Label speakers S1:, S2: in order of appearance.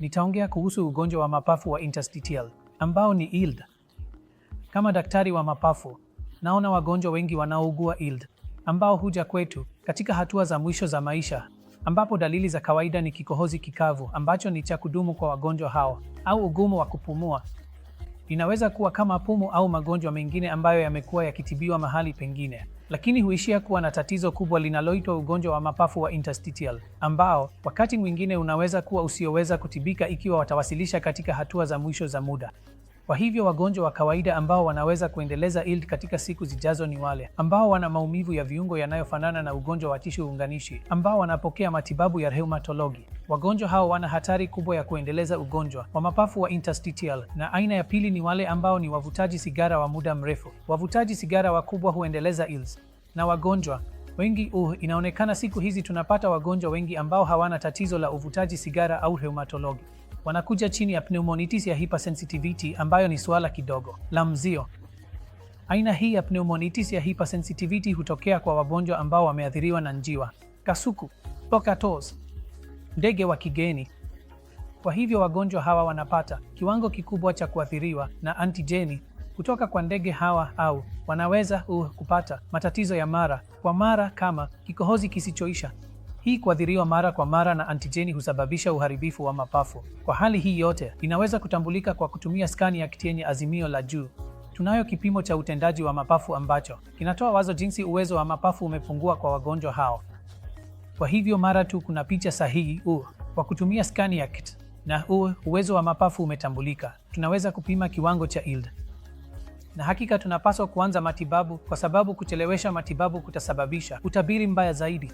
S1: nitaongea kuhusu ugonjwa wa mapafu wa interstitial ambao ni ILD. Kama daktari wa mapafu, naona wagonjwa wengi wanaougua ILD ambao huja kwetu katika hatua za mwisho za maisha, ambapo dalili za kawaida ni kikohozi kikavu ambacho ni cha kudumu kwa wagonjwa hao au ugumu wa kupumua inaweza kuwa kama pumu au magonjwa mengine ambayo yamekuwa yakitibiwa mahali pengine, lakini huishia kuwa na tatizo kubwa linaloitwa ugonjwa wa mapafu wa interstitial, ambao wakati mwingine unaweza kuwa usioweza kutibika ikiwa watawasilisha katika hatua za mwisho za muda. Kwa hivyo wagonjwa wa kawaida ambao wanaweza kuendeleza ILD katika siku zijazo ni wale ambao wana maumivu ya viungo yanayofanana na ugonjwa wa tishu unganishi, ambao wanapokea matibabu ya rheumatologi. Wagonjwa hao wana hatari kubwa ya kuendeleza ugonjwa wa mapafu wa interstitial. Na aina ya pili ni wale ambao ni wavutaji sigara wa muda mrefu. Wavutaji sigara wakubwa huendeleza ILDs na wagonjwa wengi uh, inaonekana siku hizi tunapata wagonjwa wengi ambao hawana tatizo la uvutaji sigara au rheumatologi wanakuja chini ya pneumonitis ya hypersensitivity ambayo ni suala kidogo la mzio. Aina hii ya pneumonitis ya hypersensitivity hutokea kwa wagonjwa ambao wameathiriwa na njiwa, kasuku, pokatos, ndege wa kigeni. Kwa hivyo wagonjwa hawa wanapata kiwango kikubwa cha kuathiriwa na antijeni kutoka kwa ndege hawa au wanaweza uh, kupata matatizo ya mara kwa mara kama kikohozi kisichoisha, hii kuathiriwa mara kwa mara na antijeni husababisha uharibifu wa mapafu. Kwa hali hii yote, inaweza kutambulika kwa kutumia skani ya CT yenye azimio la juu. Tunayo kipimo cha utendaji wa mapafu ambacho kinatoa wazo jinsi uwezo wa mapafu umepungua kwa wagonjwa hao. Kwa hivyo mara tu kuna picha sahihi u kwa kutumia skani ya kit na u uwezo wa mapafu umetambulika, tunaweza kupima kiwango cha ILD. Na hakika tunapaswa kuanza matibabu, kwa sababu kuchelewesha matibabu kutasababisha utabiri mbaya zaidi.